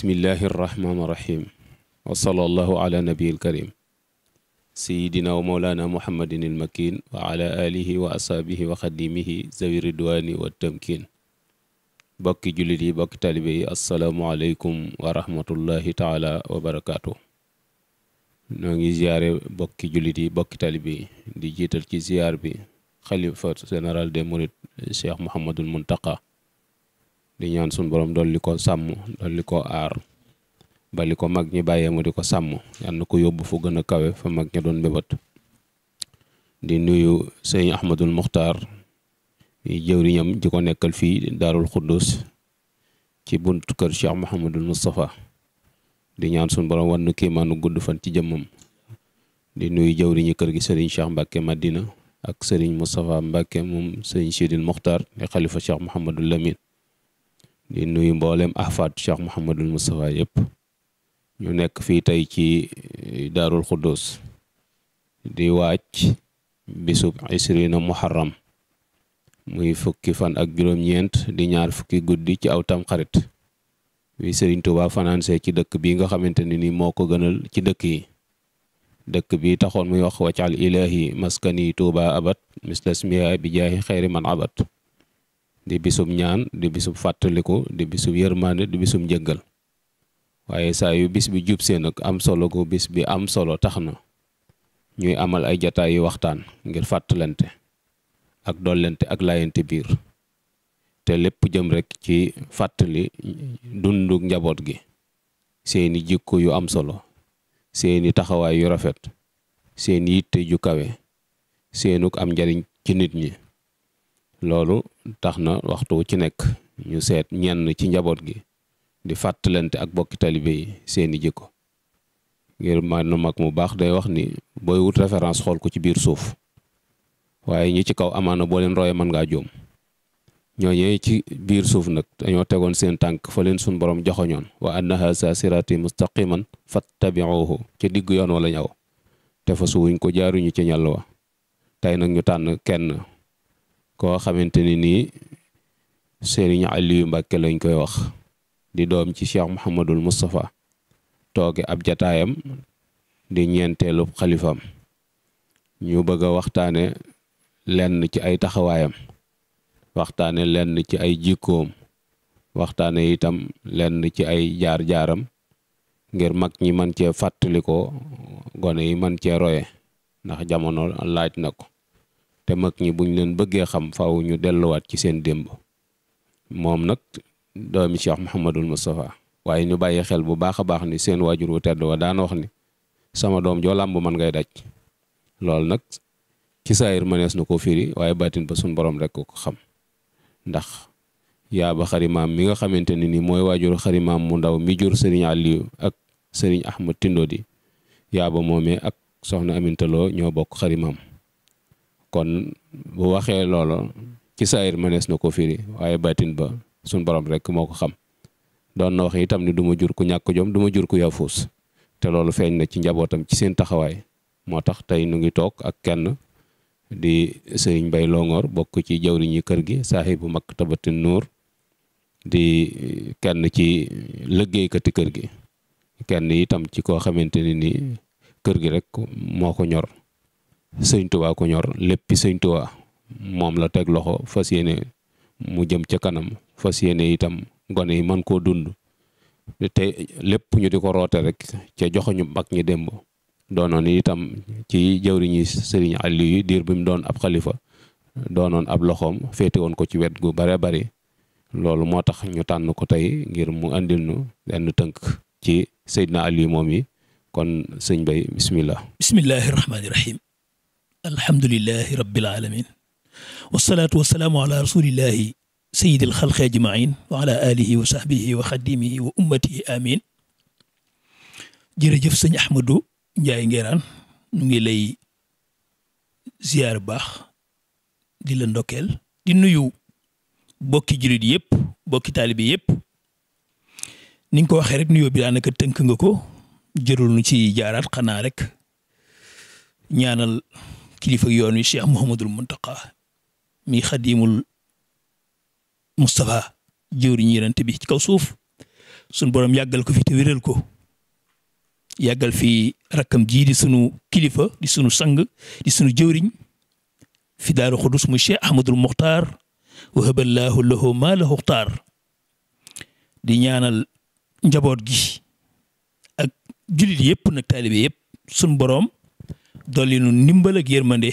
bismillahi irrahmaani irrahim wa sallallahu ala nabiil karim sayidina wa mawlana muhammadin il makin wa ala alihi wa asaabihi wa xadimihi zawi ridwaani wa tamkin bokki jullit yi bokki taalibe yi asalaamualeykum wa rahmatullahi taala wa barakaatu noo ngi ziyaare bokki jullit yi bokki taalibe yi di jiital ci ziyaar bi xalifa général des mourides cheikh mouhamadul muntaqa di ñaan suñu borom dool li ko sàmm dool li ko aar ba ko mag ñi bàyyee mu di ko sàmm yal na ko yóbbu fu gën a kawe fa mag ñi doon mbébét di nuyu sëñ Ahmadul Muxtaar yi jëwriñam ji ko nekkal fii Daarul Xuddus ci buntu kër Cheikh Mouhamadul Moustapha di ñaan suñu borom wan kiimaanu gudd fan ci jëmmam di nuyu jëwriñu kër gi sëriñ Cheikh Mbacke Madina ak sëriñ Moustapha Mbacke moom sëriñ Sidil Muxtaar di xalifa Cheikh Mouhamadul Lamine di nuyu mboolem ahfaad Cheikh Mouhamadul Moustapha yëpp ñu nekk fii tey ci eh, daarul Xuddoos di waaj bisub isrina muharram muy fukki fan ak juróom-ñeent di ñaar fukki guddi ci aw tamxarit wi Serigne Touba fanaansee ci dëkk bi nga xamante ne ni moo ko gënal ci dëkk yi dëkk bi taxoon muy wax waccal ilaahi maskani Touba abat mislasmiha bi jaahi xayri man abat di bisub ñaan di bisub fàttaliku di bisub yërmande di bisub njëggal waaye saa yu bis bi jub see nag am solo gu bis bi am solo tax na ñuy amal ay jataay yu waxtaan ngir fàttalante ak dollente ak laayante biir te lépp jëm rekk ci fàttali dundu njaboot gi seeni jikko yu am solo seeni taxawaay yu rafet seen yitte ju kawe seenuk am njariñ ci nit ñi loolu tax na waxtu ci nekk ñu seet ñenn ci njaboot gi di fàttalante ak bokki talibe yi seeni jikko ngir ma nu mag mu baax day wax ni booy wut référence xool ko ci biir suuf waaye ñi ci kaw amaana boo leen royee mën ngaa jóom ñooñee ci biir suuf nag dañoo tegoon seen tànk fa leen suñ borom joxoñoon wa anna haza sirati mustaqiman fattabiuhu ca digg yoon wala ñaw te fa suwuñ ko jaaruñu ci ñal wa tey nag ñu tànn kenn koo xamante ne nii Serigne Aliou Mbacke lañ koy wax di doom ci Cheikh Mouhamadul Moustapha tooge ab jataayam di ñeenteelu xalifam ñu bëgg a waxtaane lenn ci ay taxawaayam waxtaane lenn ci ay jikkoom waxtaane itam lenn ci ay jaar-jaaram ngir mag ñi mën cee fàttalikoo gone yi mën cee roye ndax jamono laaj na ko te mag ñi buñ leen bëggee xam faw ñu delluwaat ci seen démb moom nag doomi Cheikh ma Moustapha waaye ñu bàyyi xel bu baax a baax ni seen waajur wu tedd wa daan wax ni sama doom joo làmb man ngay daj loolu nag ci saayir mënees na koo firi waaye baatin ba suñ boroom rek ko xam ndax yaaba xarimaam mi nga xamante ne ni mooy waajur xarimaam mu ndaw mi jur sëriñ Aliou ak sëriñ Ahmad Tindo di yaaba moomee ak soxna Amintaloo ñoo bokk xarimaam kon bu waxee loolu ci saayir mënees na ko firi waaye baatin ba suñ borom rek moo ko xam doon na wax itam ni du ma jur ku ñàkk joom duma jur ku yaafus te loolu feeñ na ci njabootam ci seen taxawaay moo tax tey nu ngi toog ak kenn di sëriñ Mbay Longoor bokk ci jawriñ yi kër gi bu saaxibu maktabati nuur di kenn ci liggéeykati kër gi kenn itam ci koo xamante ne ni kër gi rek moo ko ñor sëñ Tuubaa lépp ñor moom la teg loxo fas yéene mu jëm ca kanam fas yéene itam gone yi mën koo dund te lépp ñu di ko roote rek ca ñu mag ñu demb doonoon itam ci jawriñi sëriñ Aliou yi diir bi doon ab xalifa doonoon ab loxoom féete woon ko ci wet gu bare bari loolu moo tax ñu tànn ko tey ngir mu andil nu benn tënk ci Seydina Aliou moom yi kon sëñ bay bismillah bismillahi alhamdulilahi rabbil alamin wasalaatu wasalaamu ala rasulillahi sayidi alxalqi ajmain wa ala alihi wa sahbihi wa xadimihi wa ummatihi amin jërëjëf sëñ Ahmadou Ndiaye Nguerane ñu ngi lay ziar baax di la ndokkeel di nuyu bokki jullit yëpp bokki taalibe yëpp ni ko waxee rek nuyoo bi daanaka tënk nga ko jërul nu ci jaaraat xanaa rek ñaanal kilifa yoon wi Cheikh Mouhamadul Muntaqa mi xadimul Moustapha jëwriñu Yonent bi ci kaw suuf sunu borom yàggal ko fi te wéral ko yàggal fi rakkam ji di sunu kilifa di sunu sang di sunu jëwriñ fi daaru xudus mu Cheikh Ahmadul Muxtaar wahaballaahu lahu maa lahu xtaar di ñaanal njaboot gi ak jullit yëpp nag taalibe yëpp sunu borom. dolli nu ndimbal ak yërmande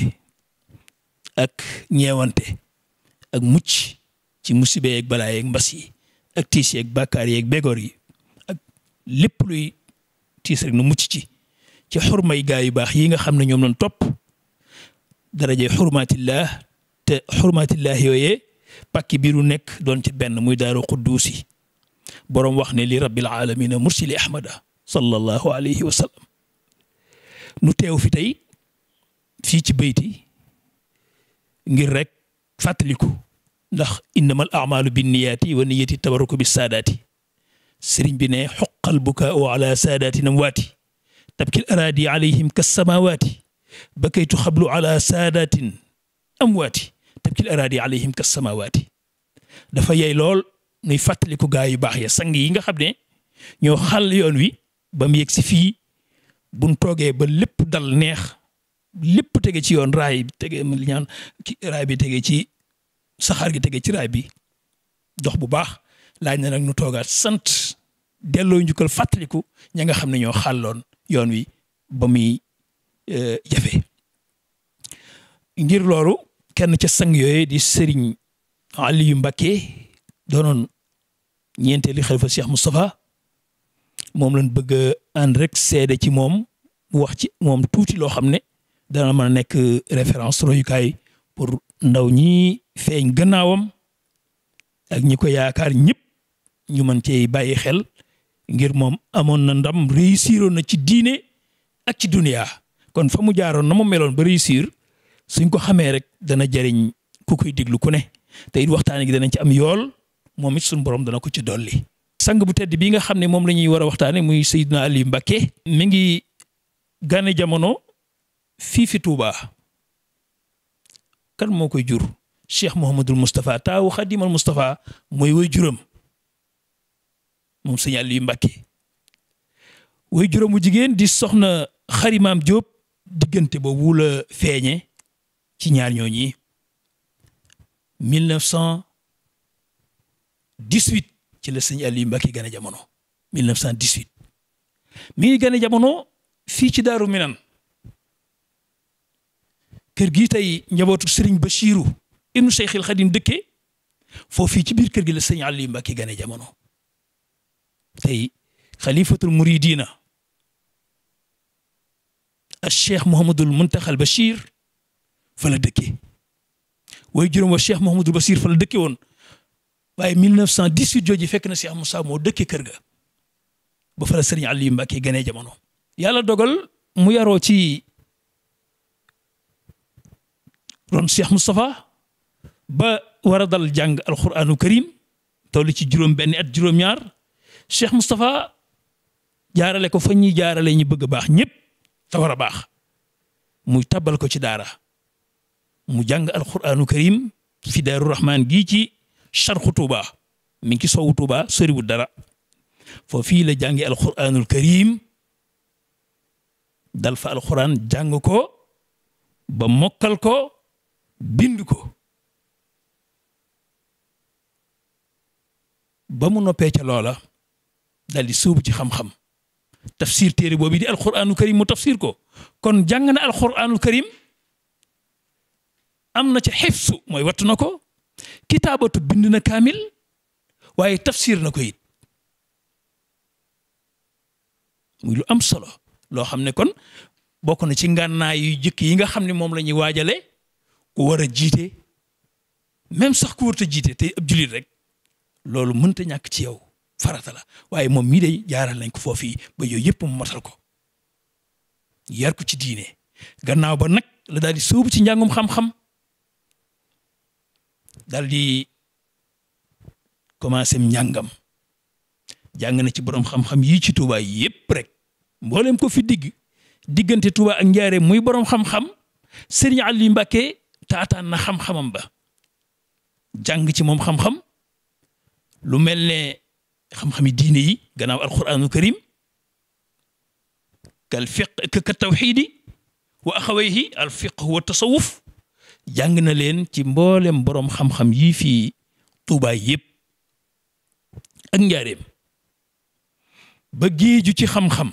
ak ñeewante ak mucc ci musiba yeeg balaa yeeg mbas yi ak tiis yeeg bàkkaar yeeg begoor yi ak lépp luy tiis rek nu mucc ci ci xurmay gaa yu baax yi nga xam ne ñoom lañ topp daraje xurmaatillah te xurmaatillah yooyee pàkki biiru nekk doon ci benn muy daaru qudduusi boroom wax ne li rabbil alamina mursili ahmada sallallahu alayhi wa nu teew fi tey fii ci bayti ngir rek fàttaliku ndax innamal amalu binniyaati wa niyati tabaruku bi saadaati sëriñ bi ne xoqal bukaau ala saadaati namwaati tabkil araadi alayhim kassamaawaati bakaytu xablu ala saadaatin amwaati tabkil araadi alayhim kassamaawaati dafa yey lool nuy fàttaliku gaa yu baax ya sang yi nga xam ne ñoo xàll yoon wi ba mu fii buñ toogee ba lépp dal neex lépp tege ci yoon raay bi tege li ñaan raay bi tege ci saxaar gi tege ci raay bi dox bu baax laaj na nag nu toogaat sant delloo njukkal fàttaliku ña nga xam ne ñoo xàlloon yoon wi ba muy e, jafe ngir loolu kenn ca sang yooyu di sëriñ Serigne Aliou Mbacké doonoon ñeenteeli xalifa Cheikh Moustapha moom lañ bëgg a ànd rek seede ci moom wax ci moom tuuti loo xam ne dana mën nekk référence royukaay pour ndaw ñi feeñ gannaawam ak ñi ko yaakaar ñëpp ñu mën cee bàyyi xel ngir moom amoon na ndam réussiroon na ci diine ak ci duniyaa kon fa mu jaaroon na mu meloon ba réussir suñ ko xamee rek dana jariñ ku koy déglu ku ne te waxtaan gi danañ ci am yool moom it suñu borom dana ko ci dolli. sang bu tedd bii nga xam ne moom la ñuy war a waxtaanee muy Seydina Aliou Mbacké mi ngi gane jamono. fii fi Touba kan moo koy jur Cheikh Mouhamadul Moustapha taawu Xadimal Moustapha mooy woy juram moom sëñ Aliou Mbacké woy juram wu jigéen di soxna Xarimaam Diop diggante boobu la feeñe ci ñaar ñooñi 1918 ci la sëñ Aliou Mbacké gane jamono 1918 mi ngi gane jamono fii ci Daaru Minan kër gii tey njabootu Serigne Bachirou ibnu Cheikhil Khadim dëkke foofii ci biir kër gi la sëñ Aliou Mbacké gane jamono tey xalifatul muridina al cheikh Mouhamadul Muntaxal Bachir fa la dëkke waaye juróom wa cheikh Mouhamadul Bachir fa la dëkke woon waaye 1918 jooju fekk na Cheikh Moussa moo dëkke kër ga ba fa la sëriñ Aliou Mbacké gane jamono. yàlla dogal mu yaroo ci ron Cheikh Moustapha ba war a dal jàng alquranu karim toll ci juróom benn at juróom-ñaar Cheikh Moustapha jaarale ko fa ñuy jaarale ñu bëgg a baax ñépp te war a baax mu tabal ko ci daara mu jàng alquranu karim fi daaru rahmaan gii ci charxu Touba mu ngi ci soowu Touba soriwul dara foo fii la jàngi alquranul karim dal fa alquran jàng ko ba mokkal ko bind ko ba mu noppee ca loola dal di suubu ci xam-xam tafsir téere boobu di alquranul karim mu tafsir ko kon jàng na alquranul karim am na ci xifsu mooy wattu na ko kitaabatu bind na kaamil waaye tafsir na ko it yu am solo loo xam ne kon bokk na ci ngànnaay yu jëkk yi nga xam ne moom lañuy ñuy waajale ku war a jiite même sax ku warut jiite te ab rek loolu mënta ñàkk ci yow faratala la waaye moom mii day jaaral nañ ko foofii ba yooyu yëpp mu matal ko yar ko ci diine gannaaw ba nag la daal di sóobu ci njàngum xam-xam daal di commencé njàngam jàng na ci borom xam-xam yii ci Touba yëpp rek mboolem ko fi digg diggante Touba ak Njaareem muy borom xam-xam Serigne Aliou Mbacké taataan na xam-xamam ba jàng ci moom xam-xam lu mel ne xam-xami diine yi gannaaw alquranul karim kal fiq ka tawxiidi wa axawayhi al fiq wa tasawuf jàng na leen ci mboolem boroom xam-xam yii fii tuubaay yépp ak njaareem ba géeju ci xam-xam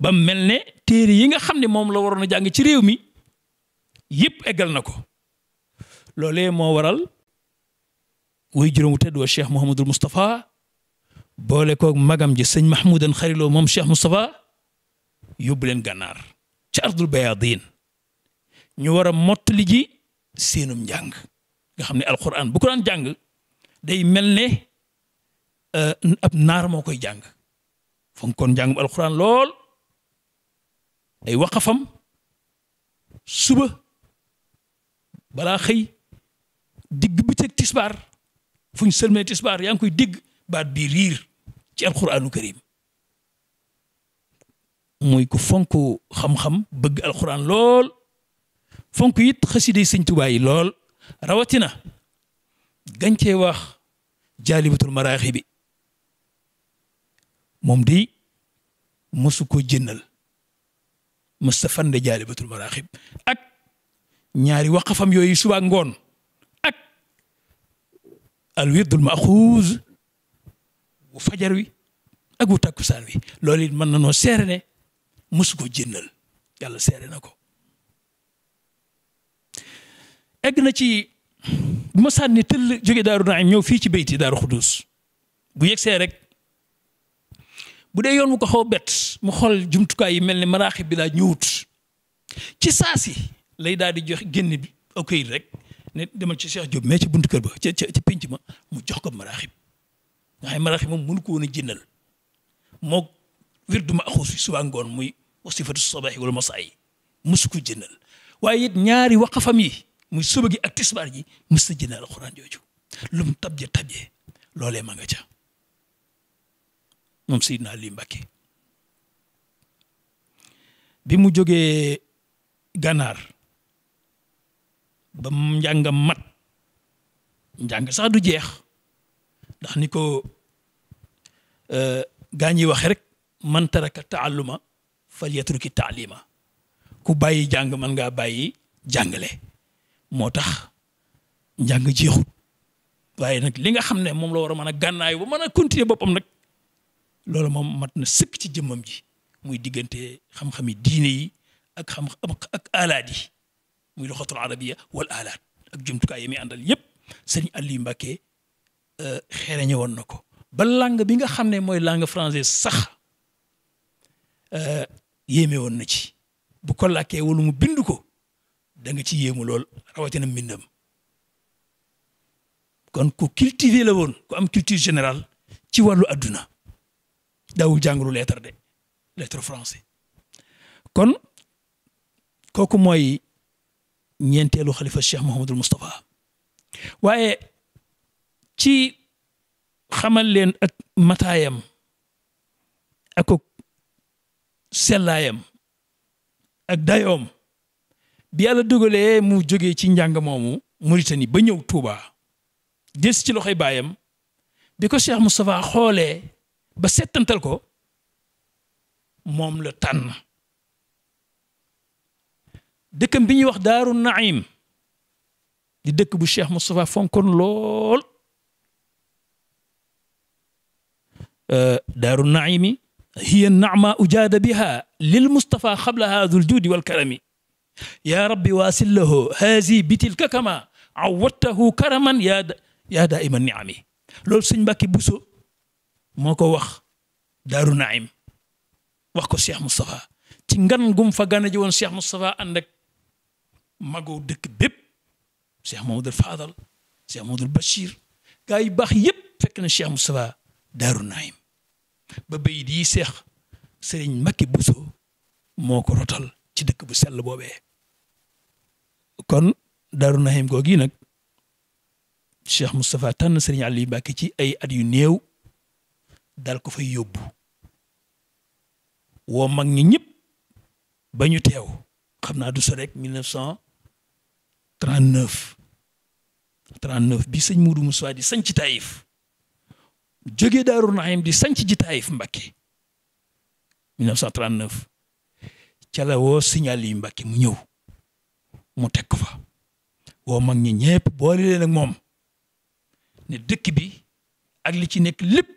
ba mel ne téere yi nga xam ne moom la waroon a jàng ci réew mi yëpp eggal na ko loolee moo waral wuy juróomu tedd wa cheikh Mouhamadul Moustapha boole koog magam ji sëñ Mahmoudan Xariloo moom cheikh Moustapha yóbbu leen gànnaar ci ardul bayaadiin ñu war a mottali ji seenum njàng nga xam ne alquran bu ko daan jàng day mel ne euh, ab naar moo koy jàng fonkoon njàngum alquran lool ay waqafam suba. balaa xëy digg bëccëg tisbaar fuñ ñu sëlmee tisbaar yaa ngi koy digg baat bi riir ci alquraanu karim muy ku fonk xam-xam bëgg alquran lool fonk it xasida yi sëñ yi lool rawatina gàncee wax jaalibatul maraaxi bi moom di mosu ko jënnal mës ta fande jaalibatul maraaxib ñaari waqafam yooyu suba ngoon ak al wirdul maxuuz bu fajar wi ak bu takkusaan wi loolu it mën na noo seere ne mosu ko jëndal yàlla seere na ko egg na ci bu ma sànni tëll jóge daaru naim ñëw fii ci béyti daaru xudus bu yegsee rek bu dee yoon mu ko xaw bett mu xool jumtukaay yi mel ne maraaxib bilaa laa ñëwut ci saasi lay daal di jox génn bi ok rek ne demal ci Cheikh Diop mais ci bunt kër ba ca ca ma mu jox ko maraaxib nga xam ne maraaxib moom mënu ko woon a jëndal moo wirdu ma axuus ngoon muy wasifatu sabaxi wala masaa yi musu ko waaye it ñaari waqafam yi muy suba gi ak tisbaar ji mus sa jëndal jooju lu mu tabje tabje loolee ma nga ca moom Seydina Ali Mbàkke bi mu jógee gànnaar ba njàngam mat njàng sax du jeex ndax ni ko euh, gaa ñi waxe rek man taraka taalluma fal yatruki taalima ku bàyyi jàng mën ngaa bàyyi jàngale moo tax njàng jeexut waaye nag li nga xam ne moom la war a mën a gànnaayu ba mën a continuer boppam nag loolu moom mat na sëkk ci jëmmam ji muy diggante xam-xami diine yi ak xam ak alaad muy luxatul arabia wal alaat ak jumtukaay yi muy àndal yëpp sëñ Aliou Mbacké euh, xereñe woon na ko ba langue bi nga xam ne mooy langue française sax euh, yéeme woon na ci bu ko làkkee wala mu bind ko da nga ci yéemu lool rawatina mbindam kon ku cultivé la woon ku am culture général ci wàllu adduna daawul jàngalu lettre de lettre français kon kooku mooy ñeenteelu xalifa cheikh Mouhamadul Moustapha waaye ci xamal leen ak mataayam ak sellaayam ak dayoom bi yàlla dogalee mu jógee ci njàng moomu Mauritanie ba ñëw Touba des ci loxoy baayam bi ko cheikh Moustapha xoolee ba settantal ko moom la tànn. dëkkam bi ñuy wax daaru naim di dëkk bu Cheikh Moustapha fonkoon lool daaru naimi hiya naama ujaada biha lil Moustapha xabla haadul juudi wal karami yaa rabbi waasil lahu haazi bitilka kama awattahu karaman yaa yaa daaiman niami loolu sëñ Mbàkke Buso moo ko wax daaru naim wax ko Cheikh Moustapha ci ngan gum fa gana ji woon Cheikh Moustapha ànd ak mago dëkk bépp Cheikh Mamadou Fadal Cheikh Mamadou Bachir gaa yu baax yépp fekk na Cheikh Moustapha Daaru Naim ba béy di seex Serigne Mbacké Bousso moo ko rotal ci dëkk bu sell boobe kon Daaru Naim googi nag Cheikh Moustapha tànn Serigne Aliou Mbacké ci ay at yu néew dal ko fay yóbbu woo mag ñi ñëpp ba ñu teew xam naa du so 39 39 bi sëñ Moudou Moussa di sanc Taïf jógee Daaru Naim di sanc ji Taïf Mbakke 1939 ca la woo signal yi Mbakke mu ñëw mu teg ko fa woo mag ñi ñëpp boole leen moom ne dëkk bi ak li ci nekk lépp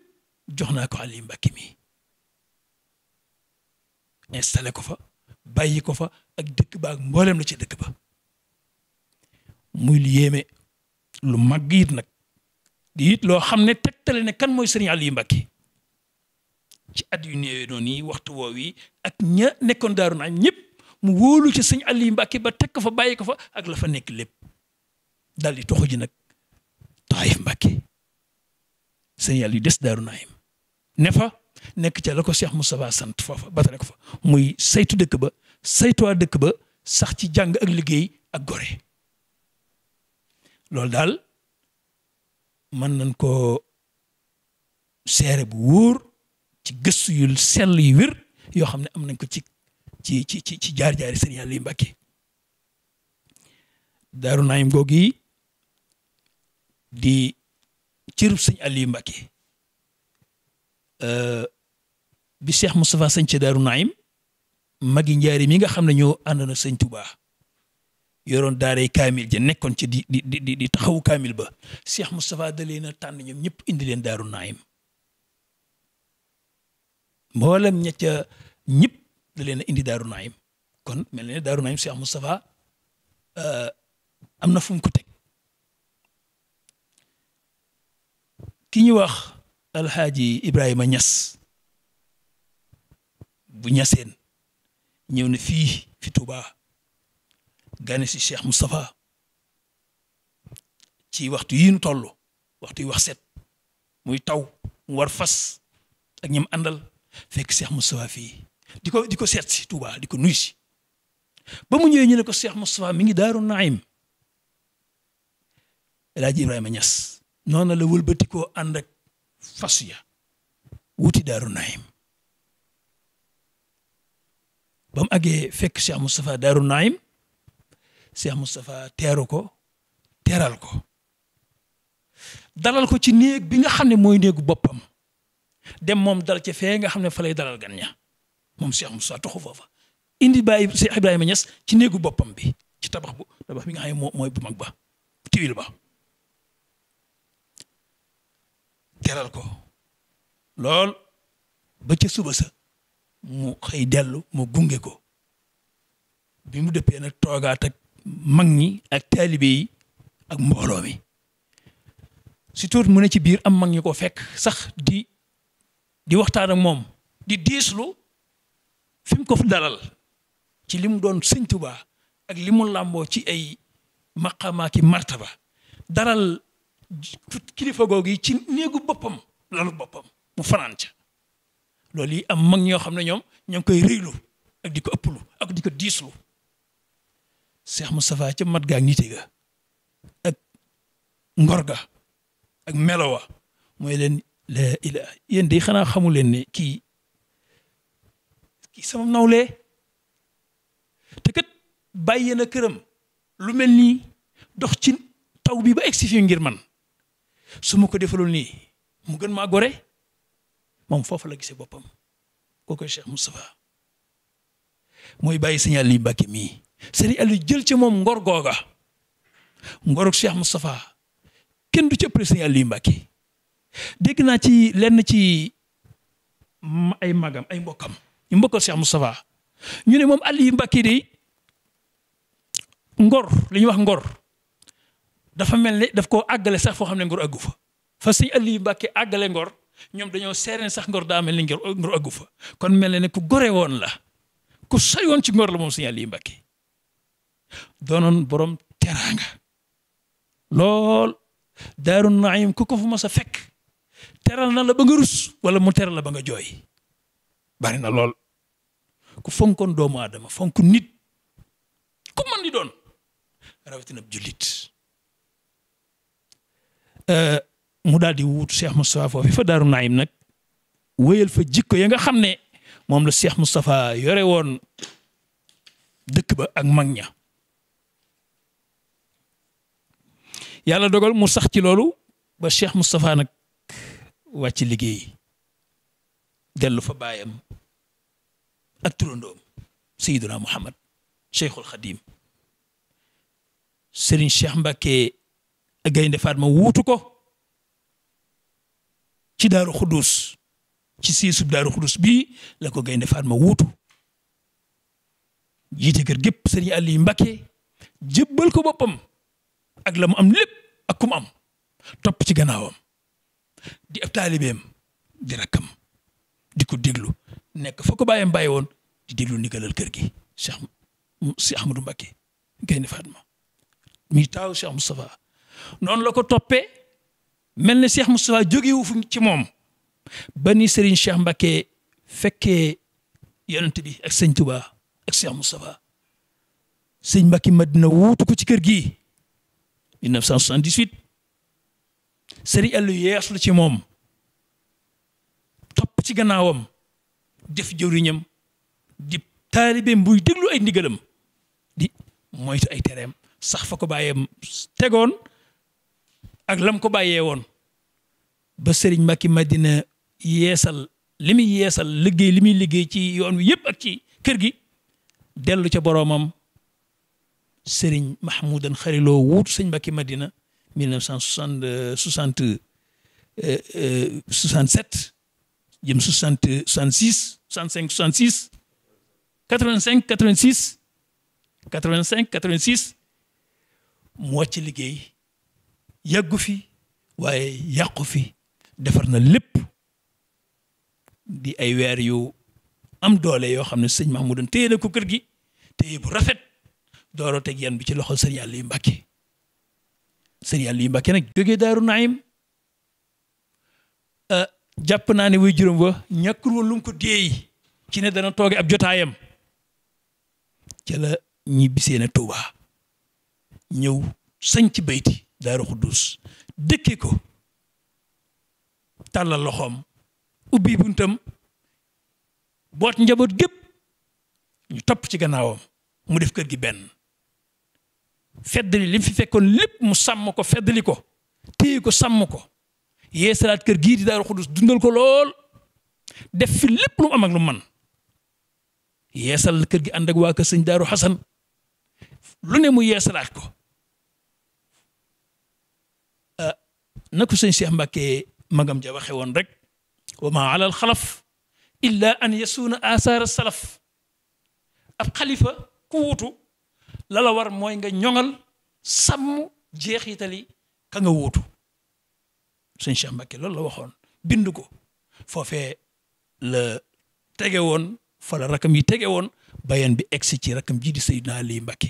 jox naa ko Aliou Mbakke mi installé ko fa bàyyi ko fa ak dëkk ba ak mboolem la ci dëkk ba. muy lu yéeme lu màgg it nag di it loo xam ne tegtale ne kan mooy Serigne yi Mbacké ci at yu néewee noonu waxtu woow yi ak ña nekkoon daaru naa ñëpp mu wóolu ci Serigne Aliou Mbacké ba teg ko fa bàyyi ko fa ak la fa nekk lépp dal di toxu ji nag Taif Mbacké Serigne Aliou des daaru naayim ne fa nekk ca la ko mu Moustapha sant foofa ba ko fa muy saytu dëkk ba saytuwaa dëkk ba sax ci jàng ak liggéey ak gore loolu daal mën nañ koo seere bu wóor ci gëstu yu sell yu wér yoo xam ne am nañ ko ci ci ci ci ci jaar-jaari Serigne Aliou daru Daaru Naim googu yi di cërub Serigne Aliou Mbacké bi Cheikh Moustapha sañ ci Daaru Naim magi njaari mi nga xam ne ñoo àndoon ak Serigne Touba yoroon daaray kaamil ja nekkoon ci di di di taxawu kaamil ba Cheikh Moustapha da leen a tànn ñoom ñëpp indi leen daaru naayim mboolem ña ca ñëpp da leen a indi daaru naayim kon mel na ne daaru naayim Cheikh Moustapha euh, am na fu ki ñu wax alxaaji Ibrahima ñas bu ñaseen ñëw na fii fi Touba. gane si Cheikh Moustapha ci waxtu yi nu toll waxtu yi wax set muy taw mu war fas ak ñim àndal fekk Cheikh Moustapha fii di ko di ko seet si Touba di ko nuyu si ba mu ñëwee ñu ne ko Cheikh Moustapha mi ngi daaru Naim El Hadj Ibrahima Niass noonu la wëlbatikoo ànd ak fas ya wuti daaru Naim ba mu àggee fekk Cheikh Moustapha daaru Naim Cheikh Moustapha teeru ko teral ko dalal ko ci néeg bi nga xam ne mooy néegu boppam dem moom dal ca fee nga xam ne fa lay dalal gan ña moom Cheikh Moustapha toxu foofa indi bàyyi Cheikh Ibrahima Niass ci néegu boppam bi ci tabax bu tabax bi nga xam ne moo mooy bu mag ba tiwil ba teral ko lool ba ci suba sa mu xëy dellu mu gunge ko bi mu dëppee nag toogaat mag ñi ak taalibe yi ak mbooloo mi surtout mu ne ci biir am mag ñi ko fekk sax di di waxtaan ak moom di diislu fi mu ko dalal ci li mu doon sëñ Tuubaa ak li mu làmboo ci ay maqaama ki martaba daral kilifa googu yi ci néegu boppam lalu boppam mu fanaan ca loolu yi am mag ñoo xam ne ñoom ñoo ngi koy réylu ak di ko ëpplu ak di ko diislu Cheikh Moustapha ca mat gaak nite ga ak ngor ga ak melowa mooy leen la ilaha yéen day xanaa xamu leen ne kii kii sama nawle te kat bàyyi na këram lu mel nii dox ci taw bi ba egsi ngir man su ma ko defalul nii mu gën maa gore moom foofu la gisee boppam kooku Cheikh Moustapha mooy bàyyi signal nii Mbàkke mii Serigne Aliou jël ci moom ngor googa ngorug Cheikh Moustapha kenn du ci ëppale Serigne Aliou Mbacke dégg naa ci lenn ci ay magam ay mbokkam ñu mbokkal Cheikh Moustapha ñu ne moom Aliou Mbacke de ngor li ñuy wax ngor dafa mel ne daf koo àggale sax foo xam ne ngor àggu fa fa Serigne Aliou Mbacke àggale ngor ñoom dañoo seereen sax ngor daa mel ni ngor ngor àggu fa kon mel ne ne ku gore woon la ku soy woon ci ngor la moom Serigne Aliou mbakki doonoon borom teraanga lool daaru naim ku ko fu masa fekk teral na la ba nga rus wala mu teral la ba nga jooy bari na lool ku fonkoon doomu aadama fonk nit ku mën di doon rawatina jullit euh, mu daal di wuutu Cheikh Moustapha foofu fa daaru naim nag wéyal fa jikko ya nga xam ne moom la Cheikh Moustapha yore woon dëkk ba ak mag ña yàlla dogal mu sax ci loolu ba Cheikh Moustapha nag wàcc liggéey dellu fa baayam ak turandoom Seydina Muhammad Cheikhul Khadim Serigne Cheikh Mbacké Gaynde Fatma wuutu ko ci Daaru Xuddus ci siisub Daaru Xuddus bi la ko Gaynde ma wuutu jiite kër gépp Serigne Aliou Mbacké jébbal ko boppam ak lamu am lépp ak kum am topp ci gannaawam di ab taalibeem di rakkam di ko déglu nekk fa ko bàyyam woon di déglu ndigalal kër gi Cheikh si Ahmadou Mbacké Gaynde Fatma mi taaw Cheikh Moustapha noonu la ko toppee mel ne Cheikh Moustapha jógewu fu ci moom ba sëriñ Serigne Cheikh Mbacké fekkee yonent bi ak sëñ Touba ak Cheikh Moustapha sëñ Mbacké Madina wuutu ko ci kër gi 1978 Serigne Aliou yeeslu ci moom topp ci gannaawam def jëwriñam di taalibeem buy déglu ay ndigalam di moytu ay tereem sax fa ko bàyyee tegoon ak lam ko bàyyee woon ba Serigne Mbacké Madina yeesal li muy yeesal liggéey li muy liggéey ci yoon wi yëpp ak ci kër gi dellu ca boroomam Serigne Mahmoudan Xariloo wuutu sëñ Mbacke Madina 1960 67 euh, euh, jëm 60 66 65 66 85 86 85 86 moo ci liggéey yàggu fi waaye yàqu fi defar na lépp di ay weer yu am doole yoo xam ne sëñ Mahmoudan téye na ko kër gi téye bu rafet. dooro teg yan bi ci loxol sëriñ Aliou Mbacké sëriñ Aliou Mbacké nag jógee Daaru Naim euh, jàpp naa ne way juróom wa ñàkkul woon lu ko déey ci ne dana tooge ab jotaayam ca la ñibbisee na Touba ñëw sañ ci bayti Daaru Xuddus dëkkee ko tàllal loxoom ubbi buntam boot njaboot gépp ñu topp ci gannaawam mu def kër gi benn feddali li fi fekkoon lépp mu sàmm ko feddali ko téye ko sàmm ko yeesalaat kër gii di Daaru Xudus dundal ko lool def fi lépp lu mu am man yeesal kër gi ànd ak waa kër sëñ Daaru Xasan lu ne mu yeesalaat ko ah, na ko sëñ Cheikh Mbacke magam ja waxe woon rek wa ma ala al xalaf illa an yasuuna asaara salaf ab xalifa ku wutu la war mooy nga ñoŋal sàmm jeexitali ka wuutu sëñ Cheikh Mbacké loolu la waxoon bind ko foofee la tege woon fa la rakam yi tege woon bayan bi egsi ci rakam ji di Seydina Ali Mbacké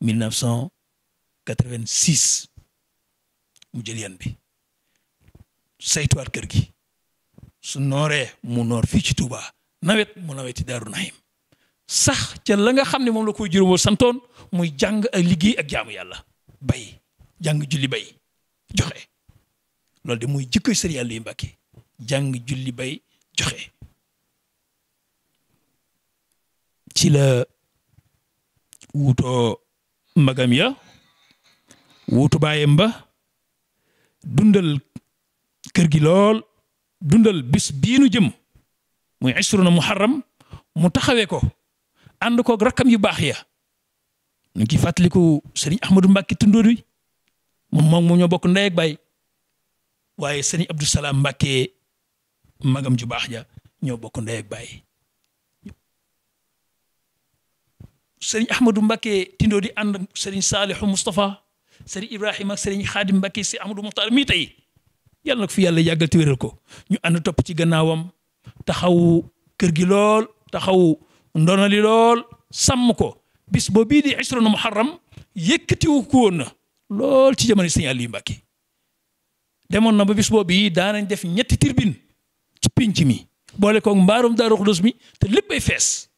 1986 mu jël yan bi saytuwaat kër gi su nooree mu noor fii ci tuuba nawet mu naweti Daaru Nahim sax ca la nga xam ne moom la koy juróomoo santoon muy jàng a liggéey ak jaamu yàlla bay jàng julli bay joxe loolu de muy jikkoy sëriñ yàlla yu jàng julli bay joxe ci la wutoo magam ya wuutu baayam ba dundal kër gi lool dundal bis biinu nu jëm muy isruna muharram mu taxawee ko ànd koog rakkam yu baax ya ñu ngi ciy fàttaliku sëriñ Ahmadou Mbacke Tundóor wi ñoo bokk ndey ak baay waaye sëriñ Abdou Salaam Mbacke magam ju baax ja ñoo bokk ndey ak baay sëriñ Ahmadou Mbacke Tundóor di ànd sëriñ Salihu Moustapha sëriñ Ibrahima ak sëriñ Xaadim Mbacke si Ahmadou Mokhtar mii tey yàlla nag fi yàlla yàggal te wéral ko ñu ànd topp ci gannaawam taxaw kër gi lool taxaw. ndono li lool sàmm ko bis boo bii di ishrona muharram yëkkatiwu ko woon na lool ci jamono sëñ Aliou Mbacke demoon na ba bis boobu yi daanañ def ñetti turbine ci pinc mi boole kook mbaarum Daaru Xudus mi te lépp ay fees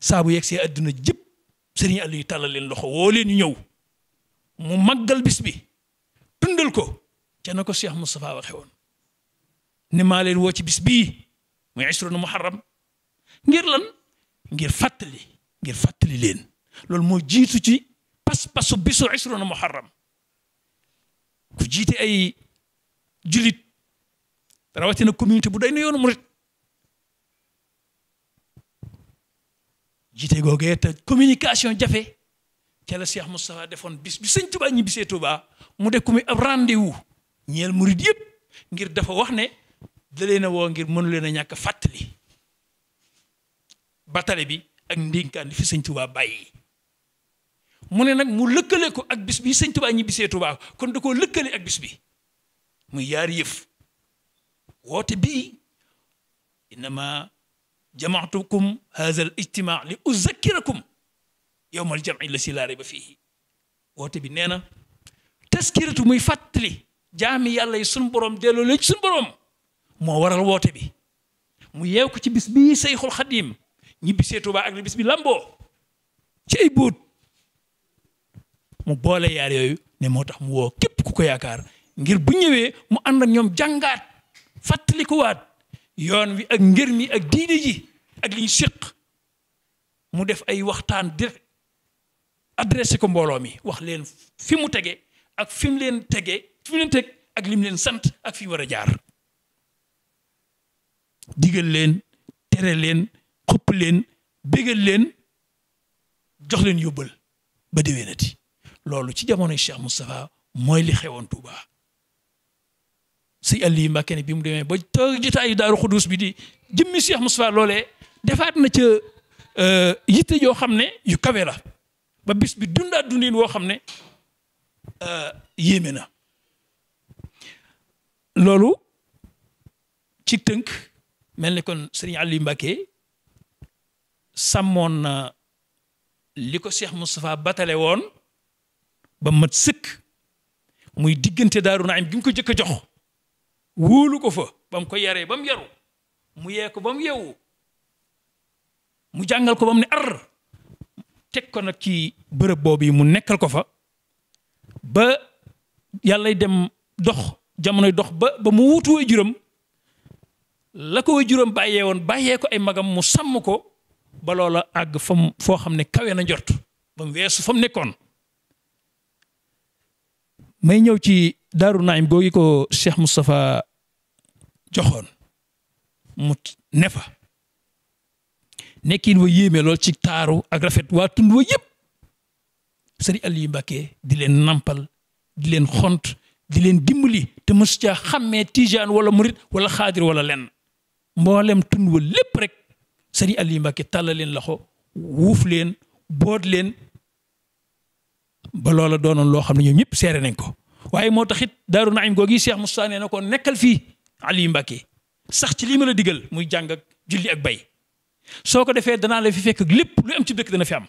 saa bu yegsee adduna jëpp sëriñ Aliou tàllal leen loxo woo leen ñu ñëw mu màggal bis bi dundal ko ca na ko Cheikh Moustapha waxe woon ne maa leen woo ci bis bii muy ishrona muharram ngir lan ngir fàttali ngir fàttali leen loolu moo jiitu ci pas-pasu bisu isrona muharram ku jiite ay julit rawatina communauté bu day na jiite googee te communication jafe ca la Cheikh defoon bis bi sëñ Tuubaa ñi bisee mu de ku muy ab rendez-vous ñeel murit yëpp ngir dafa wax ne da leen a woo ngir mënu leen a ñàkk fàttali batale bi ak ndénkaan fi sëñ Touba bàyyi mu ne nag mu lëkkale ko ak bis bi sëñ Touba ñibbisee Touba kon da koo lëkkale ak bisbi muy yaar yëf woote bii innama jamaatukum haza al ijtimaa li uzakkirakum yowma al jamci la si laa rayba fiihi woote bi nee na taskiratu muy fàttali jaami yàlla yi sunu borom delloo la ci sunu borom moo waral woote bi mu yeew ko ci bis bii Seyxul Xadim ñibbi see Tuuba ak li bis bi lamboo ci ay buut mu boole yaar yooyu ne moo tax mu woo képp ku ko yaakaar ngir bu ñëwee mu ànd ak ñoom jàngaat waat yoon wi ak ngër mi ak diine ji ak li ñu mu def ay waxtaan def adressé ko mbooloo mi wax leen fi mu tege ak fi mu leen tege fi mu leen teg ak li leen sant ak fi war a jaar digal leen tere leen xupp leen bégal leen jox leen yóbbal ba déwénati loolu ci jamonoy Cheikh Moustapha mooy li xewoon Touba si Aliou Mbacké ne bi mu demee ba toog jotaayu Daaru Xudus bi di jëmmi Cheikh Moustapha loolee defaat na ca euh, yitte yoo xam ne yu kawe la ba bis bi dundaat dundin woo xam ne euh, yéeme na loolu ci tënk mel ni kon Serigne Aliou sàmmoon na li ko Cheikh Moustapha batale woon ba mat sëkk muy diggante Daaru Naim gi mu ko jëkk a jox wóolu ko fa ba mu ko yaree ba mu yaru mu yee ko ba mu yeewu mu jàngal ko ba mu ne ar teg ko nag ci bërëb boobu mu nekkal ko fa ba yàllay dem dox jamonoy dox ba ba mu wuutu way juram la ko way juram bàyyee woon bàyyee ko ay magam mu sàmm ko baloola loola àgg fa foo xam ne kawe na njort ba mu weesu fa nekkoon. may ñëw ci Daaru Naim googi ko Cheikh Moustapha joxoon mu nefa fa nekkin wa yéeme lool ci taaru ak waa tund wa yëpp sëriñ Aliou Mbacké di leen nampal di leen xont di leen dimbali te mos caa xàmmee tijaan wala murit wala xaadir wala leen mboolem tund wa lépp rek sëriñ Aliou Mbacké tàllal leen loxo wuuf leen boot leen ba loola doonoon loo xam ne ñoom ñëpp seere nañ ko waaye moo tax it Daaru Naim googi Cheikh Moussa nee na ko nekkal fii Aliou Mbacké sax ci lii ma la digal muy jàng ak bay soo ko defee danaa la fi fekk lépp lu am ci dëkk dana fi am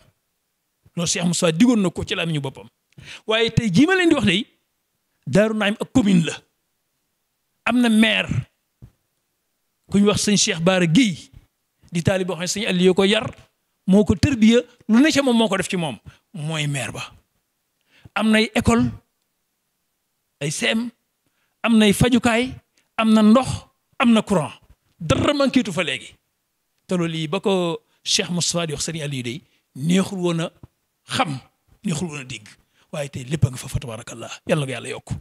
loolu Cheikh Moussa digoon na ko ci la boppam waaye tey jii ma leen di wax de Daaru Naim ak commune la am na maire ku ñu wax sëñ Cheikh Baara Guèye di taalib boo xam ne sëñ Aliou ko yar moo ko tërbiya lu ne moom moo ko def ci moom mooy maire ba am nay école ay CM am nay fajukaay am na ndox am na courant dara mankiitu fa léegi te loolu yi ba ko Cheikh Moustapha di wax sëñ day neexul woon a xam neexul woon a dégg waaye tey lépp a nga fa fa tabarakallah yàlla ko yàlla yokku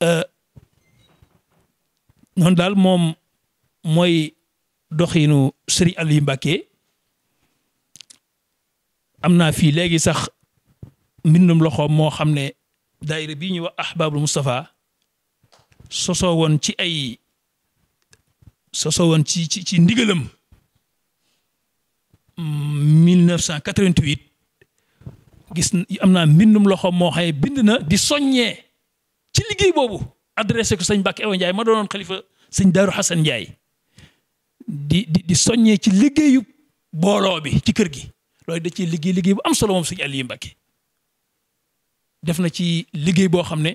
euh, noonu daal moom mooy doxinu Serigne Aliou Mbacké am naa fi léegi sax mbindum loxoom moo xam ne daayira bii ñuy wax Ahbabul Moustapha sosoo woon ci ay sosoo woon ci ci ci ndigalam 1988 gis am naa mbindum loxoom moo xam ne bind na di soññee ci liggéey boobu adressé ko sëñ Mbacké Awa Ndiaye ma doonoon xalifa sëñ Daaru Xasan Ndiaye di di soññee ci liggéeyu booloo bi ci kër gi loolu da ciy liggéey liggéey bu am solo moom sëñ Aliou Mbacké def na ci liggéey boo xam ne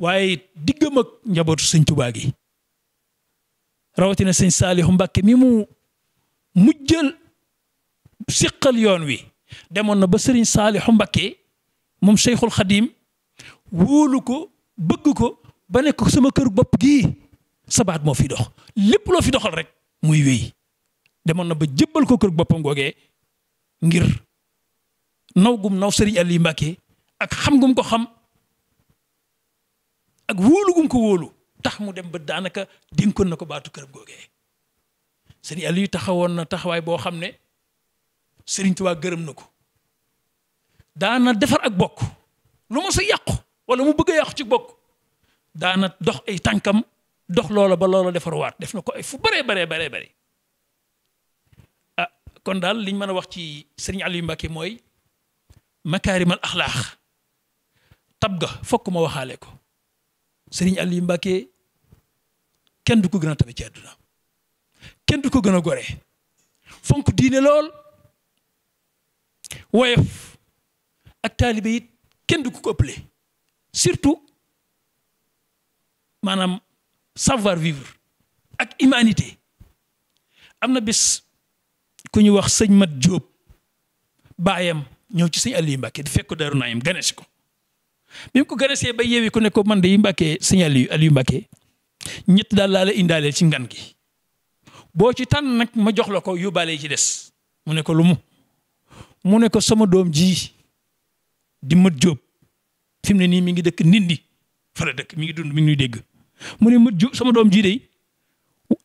waaye diggam ak njabootu sëñ Tuubaa gi rawatina sëñ Saalihu Mbacké mi mu mujjal siqal yoon wi demoon na ba sëriñ Saalihu Mbacké moom Seyxul Xadiim wóolu ko bëgg ko ba nekk sama kër bopp gii sabaat moo fi dox lépp loo fi doxal rek muy wéy demoon na ba jébbal ko kër boppam googee ngir naw gum naw Serigne Aliou mbake ak xam gum ko xam ak wóolu gum ko woolu tax mu dem ba daanaka dénkoon na ko baatu kër googee Serigne Aliou taxawoon na taxawaay boo xam ne Serigne Touba gërëm na ko daana defar ak bokk lu ma sa yàqu wala mu bëgg a ci bokk daana dox ay tànkam. dox loolo ba defar waat def na ko ay fu bare bare baree bëri ah kon daal liñ mën a wax ci sëriñ Aliou Mbacké mooy makaarimal axlaax tab ga fokk ma waxaale ko sëriñ Aliou Mbacké kenn du ko gën a tabe ci àdduna kenn du ko gën a gore fonk diine lool woyof ak taalibe it kenn du ko ëpple surtout maanaam savoir vivre ak humanité am na bés ku ñu wax sëñ Mat Jóob baayam ñëw ci sëñ Aliou Mbàkke di fekk ko Daaru Naayim ganesi ko bi mu ko ganesee ba yeewi ko ne man de yi Mbàkke sëñ Aliou Aliou Mbàkke ñett daal laa la indaaleel ci ngan ki boo ci tànn nag ma jox la ko yóbbaale ci des mu ne ko lu mu mu ne ko sama doom ji di Mat Jóob fi mu ne nii mi ngi dëkk Ndindi fa dëkk mi ngi dund mi ngi ñuy dégg mu ne ma ju sama doom ji dey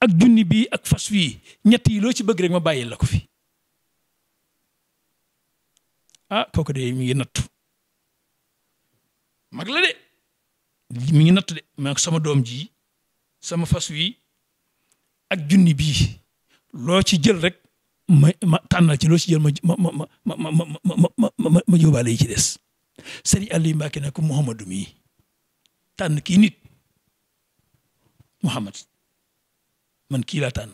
ak junni bii ak fas wii ñett yi loo ci bëgg rek ma bàyyil la ko fi ah kooku de mi ngi nattu mag la de mi ngi nattu de ma sama doom ji sama fas wii ak junni bii loo ci jël rek ma ma tànnal ci loo jël ma ma ma ma ma ma ma ma ma yóbbaale yi ci des sëriñ Aliou Mbacke nag Mouhamadou mii tànn kii nit Muhammad man kii laa tànn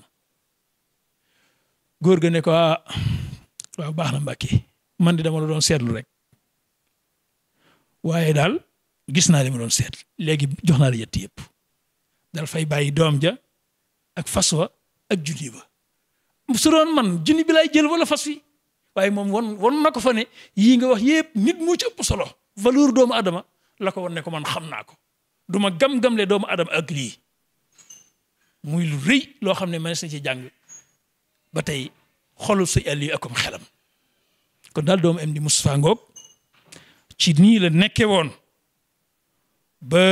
góor ga ne ko ah, waaw baax na Mbàkke man di dama la doon seetlu rek waaye daal gis naa li ma doon seet léegi jox naa la yett yépp dal fay bàyyi doom ja ak fas wa ak junni ba su doon man junni bi laay jël wala fas wi waaye moom won won na fane yii nga wax yëpp nit mu ci solo valeur doomu adama la ko won ne ko man xam naa ko duma ma gam-gamle doomu adama ak lii muy lu rëy loo xam ne mënees na ci jàng ba tey xolu suy Aliou akum xelam kon daal doomu am di Moustapha Ngom ci nii la nekke woon ba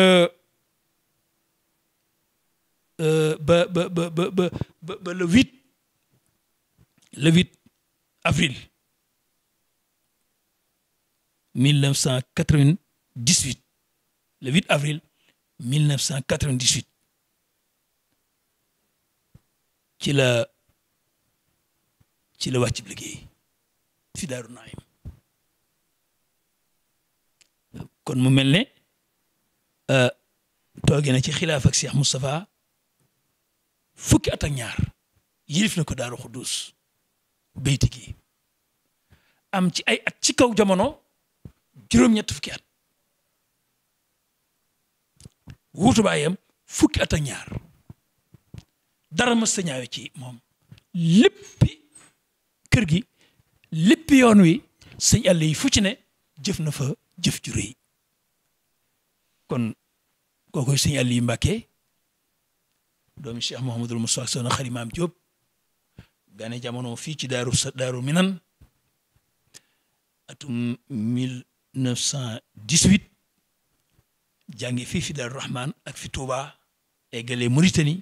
ba ba ba ba ba le huit le huit avril mille neuf cent quatre-vingt-dix-huit le huit avril mille neuf cent quatre vingt dix ci la ci la wàcc liggéey fi daaru naayim kon mu mel ne euh, tooge na ci xilaaf ak Cheikh Moustapha fukki at ak ñaar yilif na ko daaru xuddus béyti gi am ci ay at ci kaw jamono juróom-ñett fukki at wuutu fukki at ñaar dara mës ta ci moom léppi kër gi léppi yoon wi sëñ àll yi fu ci ne jëf na fa jëf ju rëy kon kookoy sëñ àll yi Mbàkke doomi Cheikh Mouhamadul Moussa Soxna Xalimaam Diop gane jamono fii ci daaru sa daaru Minan atum 1918 jàngi fii fi Daaru Rahman ak fi Touba eggale Mauritanie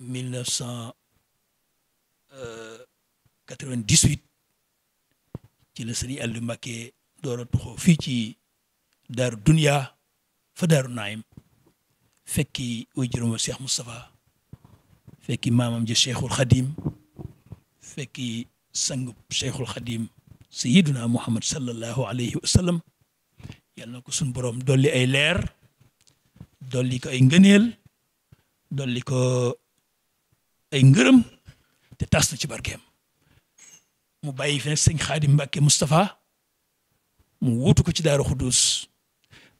mille neuf cent euh, quatre-vingt-dix-huit ci la sëriñ Aliou Mbacké door a tuxoo fii ci daaru Dunya fa daaru Naim fekki way juróom wa fekki maamam ji Cheikhul Khadim fekki sangub Cheikhul Khadim sayyiduna Muhammad sallallahu alayhi wa sallam yal suñ borom dolli ay leer dolli ko ay ngëneel dolli ko ay ngërëm te tas na ci barkeem mu bàyyi fi nag sëñ Xaadim Mbàkke Moustapha mu wuutu ko ci daaru Xudus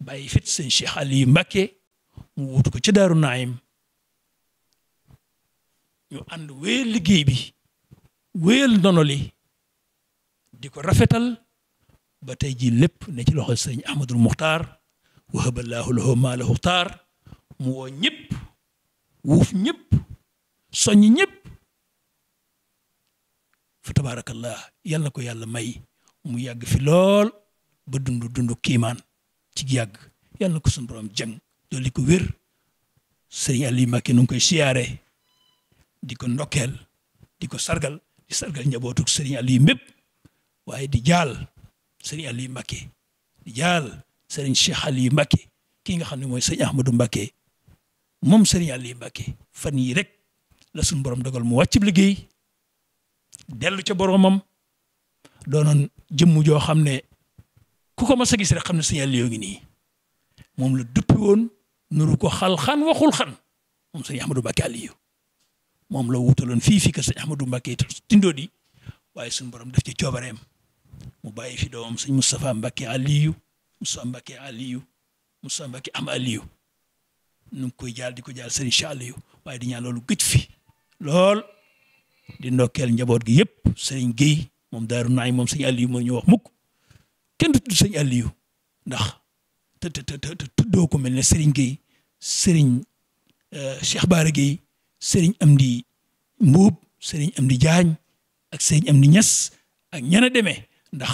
bàyyi fit sëñ Cheikh Aliou Mbàkke mu wuutu ko ci daaru Naim ñu ànd wéyal liggéey bi wéyal ndono li di ko rafetal ba tey ji lépp ne ci loxo sëñ Ahmadul Muxtaar wahaballaahu lahu maalahu taar mu woo ñëpp wuuf ñëpp soññ ñëpp fa tabaarakallah yal na ko yàlla may mu yàgg fi lool ba dund dund kiimaan ci yàgg yal na ko suñu borom jàng dolli ko wér sëriñ Aliou Mbacké nu koy siyaare di ko ndokkeel di ko sargal di sargal njabootu sëriñ Aliou mépp waaye di jaal sëriñ Aliou Mbacké di jaal sëriñ Cheikh Aliou kii nga xam ne mooy sëriñ Ahmadou Mbacké moom sëriñ Aliou Mbacké fan yi la suñ borom dogal mu wàccib liggéey dellu ca boromam doonoon jëmm joo xam ne ku ko mas a gis rek xam ne signal yoo ngi nii moom la duppi woon nuru ko xal-xan waxul xan moom sëñ Ahmadou Mbacké Aliou moom la wutaloon fii fii que sëñ Ahmadou Mbacké tindoo di waaye suñ borom def ci coobareem mu bàyyi fi doom sëñ Moustapha Mbacké Aliou Moustapha Mbacké Aliou Moustapha am Aliou nu ngi koy jaal di ko jaal sëriñ Cheikh Aliou waaye di ñaan loolu gëj fi lool di ndokkeel njaboot gi yëpp sëriñ Guèye moom daaru naay moom sëñ Aliou moo ñu wax mukk kenn du tudd sëñ ndax te te te tuddoo ko mel ne sëriñ Guèye sëriñ euh, Cheikh Baara Guèye sëriñ Amdi Mbuub sëriñ Amdi Jaañ ak sëriñ Amdi Ñas ak ñan deme ndax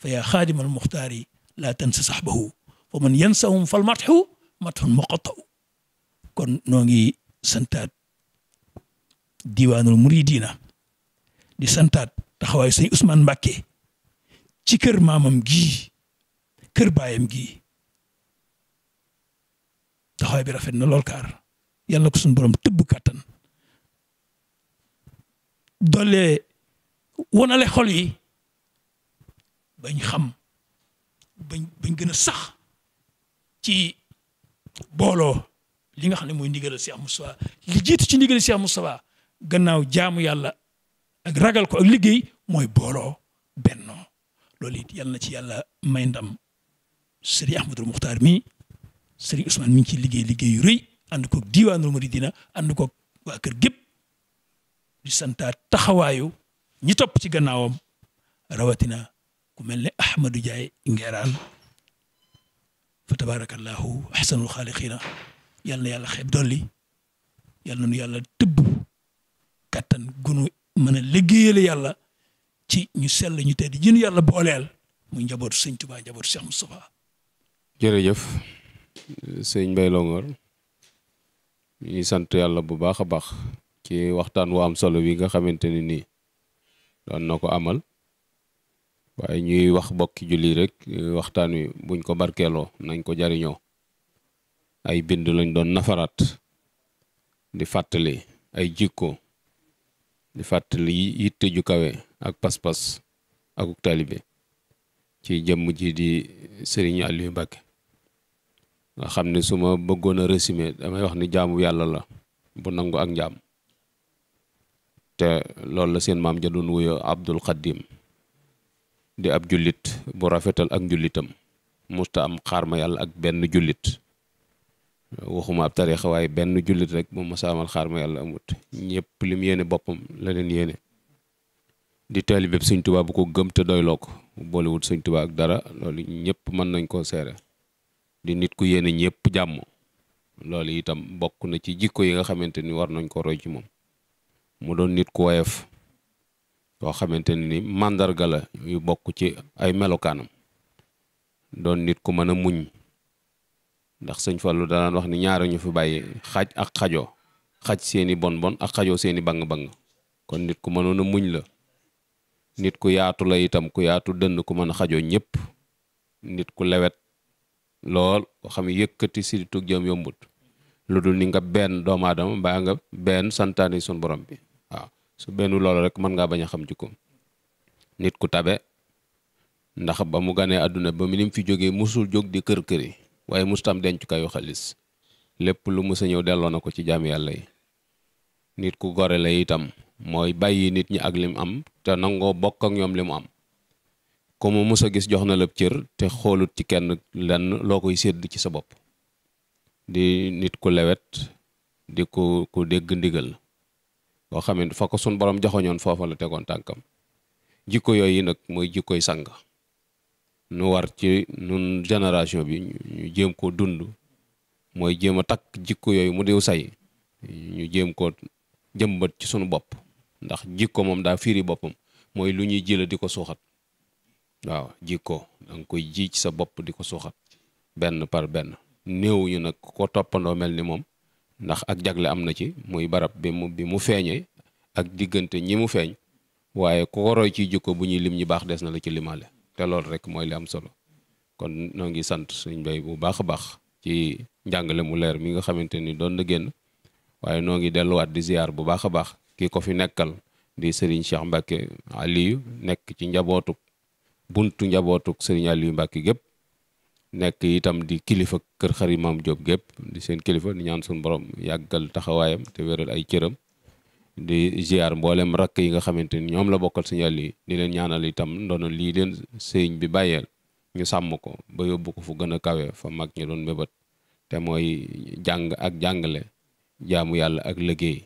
fa yaa xaadimal muxtaar yi laa tansa saxbahu fa man yansahum fal matxu matxun muqattaw kon noo ngi santaat diwaanul muridina di santaat taxawaay sëñ usman Mbakke ci kër maamam gii kër baayam gii taxawaay bi rafet na lool kaar yàlla ko suñu borom tëbb kàttan doole wonale xol yi bañ xam bañ bañ gën a sax ci booloo li nga xam ne mooy ndigalal Cheikh Moustapha li jiitu ci ndigalal Cheikh Moustapha gannaaw jaamu yàlla ak ragal ko liggéey mooy booloo bennoo loolu it yàlla na ci yàlla may ndam sëriñ Ahmadul Muxtaar mii sëriñ Ousmane mi liggéey liggéey yu rëy ànd koog diiwaanul muridina ànd koog waa kër gépp di santaat taxawaayu ñi topp ci gannaawam rawatina ku mel ne Ahmadou Diaye Ngeeraan fa tabaarakallaahu ahsanul xaaliqiina yàlla na yàlla dolli yàlla nu yàlla tëbb kattan gunu mën a liggéeyal yàlla ci ñu sell ñu tedd jën yàlla booleel mu njabootu sëñ Tuubaa njabootu Cheikh Moustapha jërëjëf sëñ Mbaye ñu ngi sant yàlla bu baax a baax ci waxtaan wu am solo wi nga xamante ne nii doon na ko amal waaye ñuy wax bokki julli rek waxtaan wi buñ ko barkeeloo nañ ko jariñoo ay bind lañ doon nafaraat di fàttali ay jikko di fàttali yitte ju kawe ak pas-pas ak taalibe ci jëmm ji di Serigne Aliou Mbacké nga xam ne su ma bëggoon a résumer damay wax ni jaamu yàlla la bu nangu ak njaam te loolu la seen maam ja doon wuyoo Abdul Xaddim di ab jullit bu rafetal ak njullitam musta am xaar ma yàlla ak benn jullit waxuma ab tariixa waaye benn jullit rek moom ma saamal xaar ma yàlla amut ñëpp lim yéene boppam la leen yéene di taalibeb sëñ Tuubaa bu ko gëm te doyloo ko boolewut sañ Tuubaa ak dara loolu ñëpp mën nañ koo seere di nit ku yéene ñëpp jàmm loolu itam bokk na ci jikko yi nga xamante ni war nañ ko roy ci moom mu doon nit ku woyof koo xamante ni màndarga la yu bokk ci ay melokaanam doon nit ku mën a muñ ndax sëñ Fallou danaan wax ni ñaara ñu fi bàyyi xaj ak xajo xaj seeni bon bon ak xajo seeni bang-bang kon nit ku mënoon a muñ la nit ku yaatu la itam ku yaatu dënn ku mën a xajoo ñépp nit ku lewet lool koo xam yëkkati siritug jëm yombut lu dul ni nga benn doomu aadama mbaa nga benn santaane sun borom bi waaw su benn loolu rek mën ngaa bañ a xam jikkoom nit ku tabe ndax ba mu ganee àdduna ba mu ni mu fi jógee musul jóg di kër kër yi waaye mustam dencukaayu xalis lépp lu musa ñëw delloo na ko ci jaam yàlla yi nit ku gore la itam mooy bàyyi nit ñi ak lim am te nangoo bokk ak ñoom li mu am ko mu musa gis jox na la cër te xoolut ci kenn lenn loo koy sédd ci sa bopp di nit ku lewet di ku ku dégg ndigal koo xam ne fa ko sun borom joxoñoon foofa la tegoon tànkam jikko yooyu nag mooy jikkoy sang nu war ci nun génération bi ñu jéem koo dund mooy jéem a takk jikko yooyu mu diw say ñu jéem koo jëmbat ci sunu bopp ndax jikko moom daa firi boppam mooy lu ñuy jëla di ko suuxat waaw jikko danga koy ji ci sa bopp di ko suuxat benn par benn néew ñu nag ko toppandoo mel ni moom ndax ak jagle am na ci muy barab bi mu bi mu feeñee ak diggante ñi mu feeñ waaye ku ko roy ci jikko bu ñuy lim ñi baax des na la ci limaale te loolu rek mooy li am solo kon noo ngi sant suñ bay bu baax a baax ci njàngale mu leer mi nga xamante ni doon na génn waaye noo ngi delluwaat di ziar bu baax a baax kii ko fi nekkal di Serigne Cheikh Mbacke Aliou nekk ci njabootuk buntu njabootuk Serigne Aliou Mbacke gépp nekk itam di kilifa kër xari maam Diop gépp di seen kilifa di ñaan suñu borom yàggal taxawaayam te wéral ay cëram di ziar mboolem rakk yi nga xamante ni ñoom la bokkal suñu àll yi di leen ñaanal itam ndono lii leen sëriñ bi bàyyeel ñu sàmm ko ba yóbbu ko fu gën a kawee fa mag ñu doon mébét te mooy jàng ak jàngale jaamu yàlla ak liggéey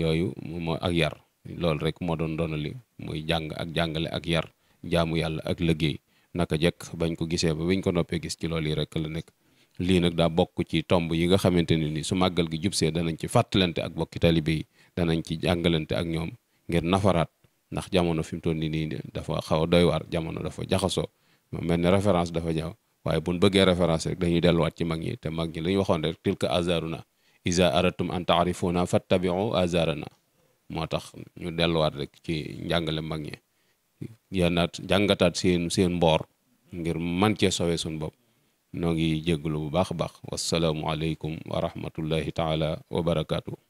yooyu moo ak yar loolu rek moo doon doona li muy jàng ak jàngale ak yar jaamu yàlla ak liggéey naka jekk bañ ko gisee ba biñ ko noppee gis ci lool yi rek la nekk lii nag daa bokk ci tomb yi nga xamante ne ni su màggal gi jub see danañ ci fàttalante ak bokki talibe yi danañ ci jàngalante ak ñoom ngir nafaraat ndax jamono fi mu toll nii nii dafa xaw day doy waar jamono dafa jaxasoo mu mel ne référence dafa ñaaw waaye buñ bëggee référence rek dañuy delluwaat ci mag ñi te mag ñi la ñu waxoon rek tilka azaruna iza aratum an taarifuna fattabiu azarana moo tax ñu delluwaat rek ci njàngale mag ñi yannaat jàngataat seen seen mboor ngir man cee sowee suñ bopp noo ngi jégglu bu baax a baax wasalaamu aleykum wa rahmatullahi taala wa